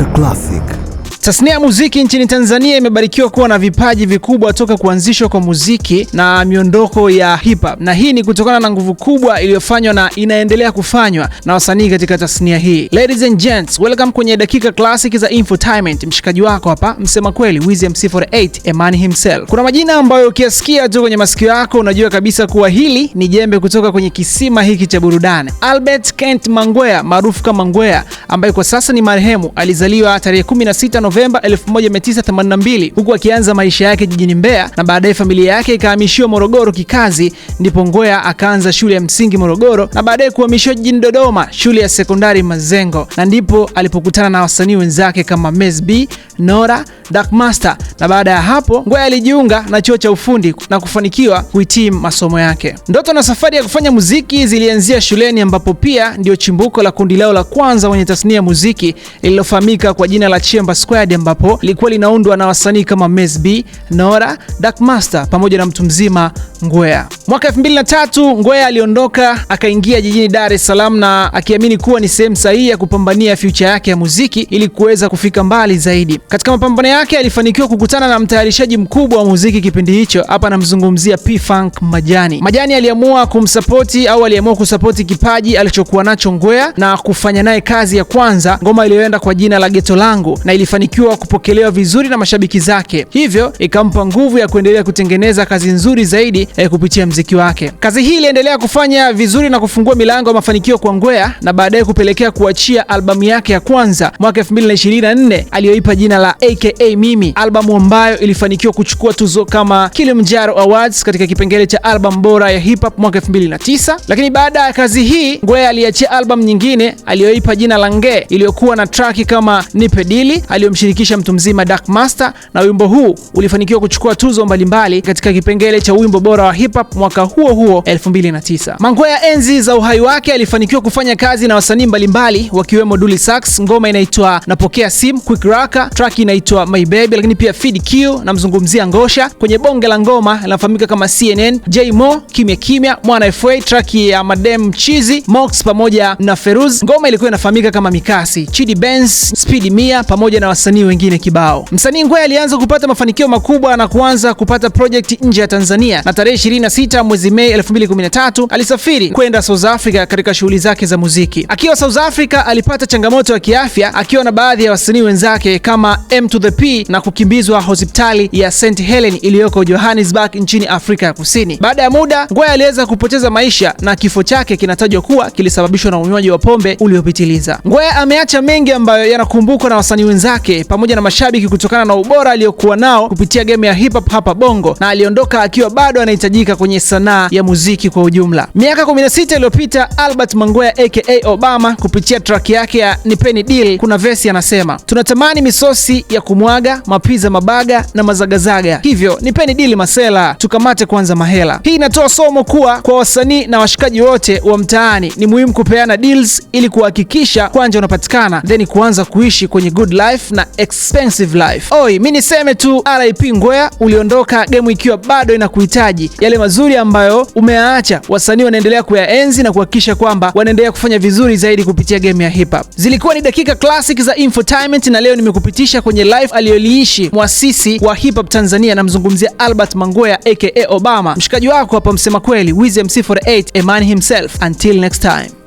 A Classic. Tasnia ya muziki nchini Tanzania imebarikiwa kuwa na vipaji vikubwa toka kuanzishwa kwa muziki na miondoko ya hip hop, na hii ni kutokana na nguvu kubwa iliyofanywa na inaendelea kufanywa na wasanii katika tasnia hii. Ladies and gents, welcome kwenye dakika classic za infotainment. Mshikaji wako hapa msema kweli Wiz MC48 Emani himself. Kuna majina ambayo ukiyasikia tu kwenye masikio yako unajua kabisa kuwa hili ni jembe kutoka kwenye kisima hiki cha burudani. Albert Kent Mangwea maarufu kama Mangwea ambaye kwa sasa ni marehemu alizaliwa tarehe 16 Novemba Novemba 1982 huku akianza maisha yake jijini Mbeya na baadaye familia yake ikahamishiwa Morogoro kikazi, ndipo Ngwea akaanza shule ya msingi Morogoro na baadaye kuhamishiwa jijini Dodoma shule ya sekondari Mazengo, na ndipo alipokutana na wasanii wenzake kama Mez B, Nora, Dark Master na baada ya hapo Ngwea alijiunga na chuo cha ufundi na kufanikiwa kuhitimu masomo yake. Ndoto na safari ya kufanya muziki zilianzia shuleni ambapo pia ndio chimbuko la kundi lao la kwanza wenye tasnia ya muziki lililofahamika kwa jina la Chemba Square Squad ambapo lilikuwa linaundwa na wasanii kama B, Nora, Dark Master pamoja na mtu mzima Ngwea. Mwaka 2003 Ngwea aliondoka akaingia jijini Dar es Salaam na akiamini kuwa ni sehemu sahihi ya kupambania future yake ya muziki ili kuweza kufika mbali zaidi. Katika mapambano yake alifanikiwa kukutana na mtayarishaji mkubwa wa muziki kipindi hicho, hapa namzungumzia P-Funk Majani. Majani aliamua kumsapoti au aliamua kusapoti kipaji alichokuwa nacho Ngwea na kufanya naye kazi ya kwanza, ngoma iliyoenda kwa jina la Geto Langu na ilifanikiwa amefanikiwa kupokelewa vizuri na mashabiki zake, hivyo ikampa nguvu ya kuendelea kutengeneza kazi nzuri zaidi eh, kupitia mziki wake. Kazi hii iliendelea kufanya vizuri na kufungua milango ya mafanikio kwa Ngwea na baadaye kupelekea kuachia albamu yake ya kwanza mwaka 2024 aliyoipa jina la AKA Mimi, albamu ambayo ilifanikiwa kuchukua tuzo kama Kilimanjaro Awards katika kipengele cha albamu bora ya hip hop mwaka 2009. Lakini baada ya kazi hii Ngwea aliachia albamu nyingine aliyoipa jina la nge iliyokuwa na traki kama Nipe Dili aliyom kumshirikisha mtu mzima Dark Master, na wimbo huu ulifanikiwa kuchukua tuzo mbalimbali katika kipengele cha wimbo bora wa hip hop mwaka huo huo 2009. Mangwea enzi za uhai wake alifanikiwa kufanya kazi na wasanii mbalimbali wakiwemo Dully Sax, ngoma inaitwa Napokea Simu, Quick Raka, track inaitwa My Baby, lakini pia Fid Q, namzungumzia Ngosha kwenye bonge la ngoma linafahamika kama CNN, J Mo, Kimya Kimya, Mwana FA, track ya Madem Chizi, Mox pamoja na Feruz. Ngoma ilikuwa inafahamika kama Mikasi, Chidi Benz, Speed Mia pamoja na wasanii wasanii wengine kibao. Msanii Ngwea alianza kupata mafanikio makubwa na kuanza kupata project nje ya Tanzania, na tarehe 26 mwezi Mei 2013 alisafiri kwenda South Africa katika shughuli zake za muziki. Akiwa South Africa alipata changamoto ya kiafya akiwa na baadhi ya wasanii wenzake kama M to the P na kukimbizwa hospitali ya St Helen iliyoko Johannesburg nchini Afrika ya Kusini. Baada ya muda, Ngwea aliweza kupoteza maisha na kifo chake kinatajwa kuwa kilisababishwa na unywaji wa pombe uliopitiliza. Ngwe ameacha mengi ambayo yanakumbukwa na wasanii wenzake pamoja na mashabiki kutokana na ubora aliyokuwa nao kupitia game ya hip hop hapa Bongo, na aliondoka akiwa bado anahitajika kwenye sanaa ya muziki kwa ujumla. Miaka 16 iliyopita Albert Mangwea aka Obama kupitia track yake ya Nipeni Deal kuna vesi anasema, tunatamani misosi ya kumwaga mapiza mabaga na mazagazaga, hivyo nipeni dili masela tukamate kwanza mahela. Hii inatoa somo kuwa kwa wasanii na washikaji wote wa mtaani ni muhimu kupeana deals ili kuhakikisha kwanja unapatikana then kuanza kuishi kwenye good life na expensive life. Oi, mi niseme tu RIP Ngwea, uliondoka gemu ikiwa bado inakuhitaji. Yale mazuri ambayo umeyaacha, wasanii wanaendelea kuyaenzi na kuhakikisha kwamba wanaendelea kufanya vizuri zaidi kupitia game ya hip hop. Zilikuwa ni dakika classic za infotainment, na leo nimekupitisha kwenye life aliyoliishi mwasisi wa hip hop Tanzania, namzungumzia Albert Mangwea aka Obama, mshikaji wako hapa, msema kweli Wiz MC48, a man himself. Until next time.